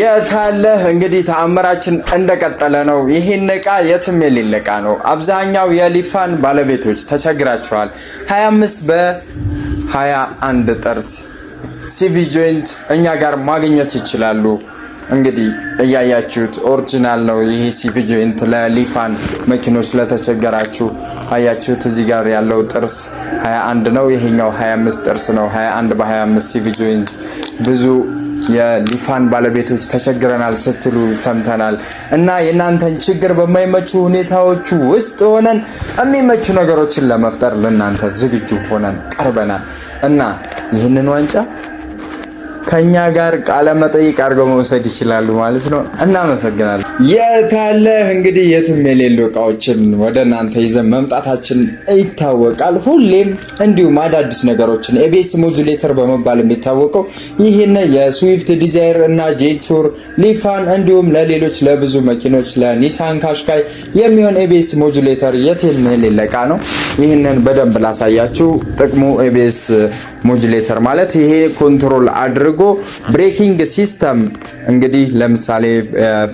የታለህ እንግዲህ ተአምራችን እንደቀጠለ ነው። ይህን እቃ የትም የሌለ እቃ ነው። አብዛኛው የሊፋን ባለቤቶች ተቸግራቸዋል። 25 በ21 ጥርስ ሲቪ ጆይንት እኛ ጋር ማግኘት ይችላሉ። እንግዲህ እያያችሁት ኦሪጂናል ነው። ይህ ሲቪ ጆይንት ለሊፋን መኪኖች ለተቸገራችሁ አያችሁት። እዚህ ጋር ያለው ጥርስ 21 ነው። ይሄኛው 25 ጥርስ ነው። 21 በ25 ሲቪ ጆይንት ብዙ የሊፋን ባለቤቶች ተቸግረናል ስትሉ ሰምተናል እና የእናንተን ችግር በማይመቹ ሁኔታዎቹ ውስጥ ሆነን የሚመቹ ነገሮችን ለመፍጠር ለእናንተ ዝግጁ ሆነን ቀርበናል እና ይህንን ዋንጫ ከኛ ጋር ቃለ መጠይቅ አድርገው መውሰድ ይችላሉ ማለት ነው። እናመሰግናለን። የታለህ እንግዲህ የትም የሌሉ እቃዎችን ወደ እናንተ ይዘን መምጣታችን ይታወቃል። ሁሌም እንዲሁም አዳዲስ ነገሮችን ኤቤስ ሞጁሌተር በመባል የሚታወቀው ይህን የስዊፍት ዲዛይር እና ጄቱር ሊፋን እንዲሁም ለሌሎች ለብዙ መኪኖች ለኒሳን ካሽካይ የሚሆን ኤቤስ ሞጁሌተር የትም የሌለ እቃ ነው። ይህንን በደንብ ላሳያችሁ። ጥቅሙ ኤቤስ ሞጁሌተር ማለት ይሄ ኮንትሮል አድርጎ አድርጎ ብሬኪንግ ሲስተም እንግዲህ ለምሳሌ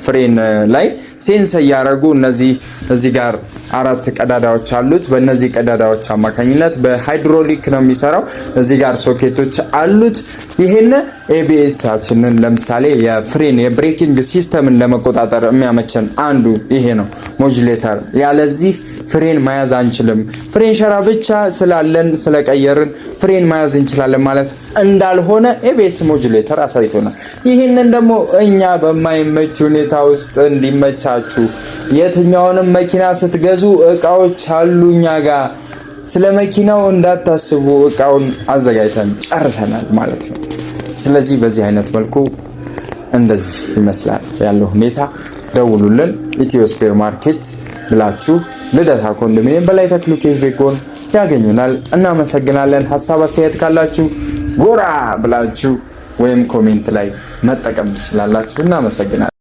ፍሬን ላይ ሴንስ እያደረጉ እነዚህ እዚህ ጋር አራት ቀዳዳዎች አሉት። በእነዚህ ቀዳዳዎች አማካኝነት በሃይድሮሊክ ነው የሚሰራው። እዚህ ጋር ሶኬቶች አሉት። ይህን ኤቢኤሳችንን ለምሳሌ የፍሬን የብሬኪንግ ሲስተምን ለመቆጣጠር የሚያመቸን አንዱ ይሄ ነው ሞጁሌተር። ያለዚህ ፍሬን መያዝ አንችልም። ፍሬን ሸራ ብቻ ስላለን ስለቀየርን ፍሬን መያዝ እንችላለን ማለት እንዳልሆነ ኤቤስ ሞጁሌተር አሳይቶናል። ይህንን ደግሞ እኛ በማይመች ሁኔታ ውስጥ እንዲመቻችሁ የትኛውንም መኪና ስትገዙ እቃዎች አሉ እኛ ጋር ስለ መኪናው እንዳታስቡ እቃውን አዘጋጅተን ጨርሰናል ማለት ነው። ስለዚህ በዚህ አይነት መልኩ እንደዚህ ይመስላል ያለው ሁኔታ። ደውሉልን። ኢትዮ ስፔር ማርኬት ብላችሁ ልደታ ኮንዶሚኒየም በላይ ተክሉ ኬፌ ጎን ያገኙናል። እናመሰግናለን። ሀሳብ አስተያየት ካላችሁ ጎራ ብላችሁ ወይም ኮሜንት ላይ መጠቀም ትችላላችሁ። እናመሰግናለን።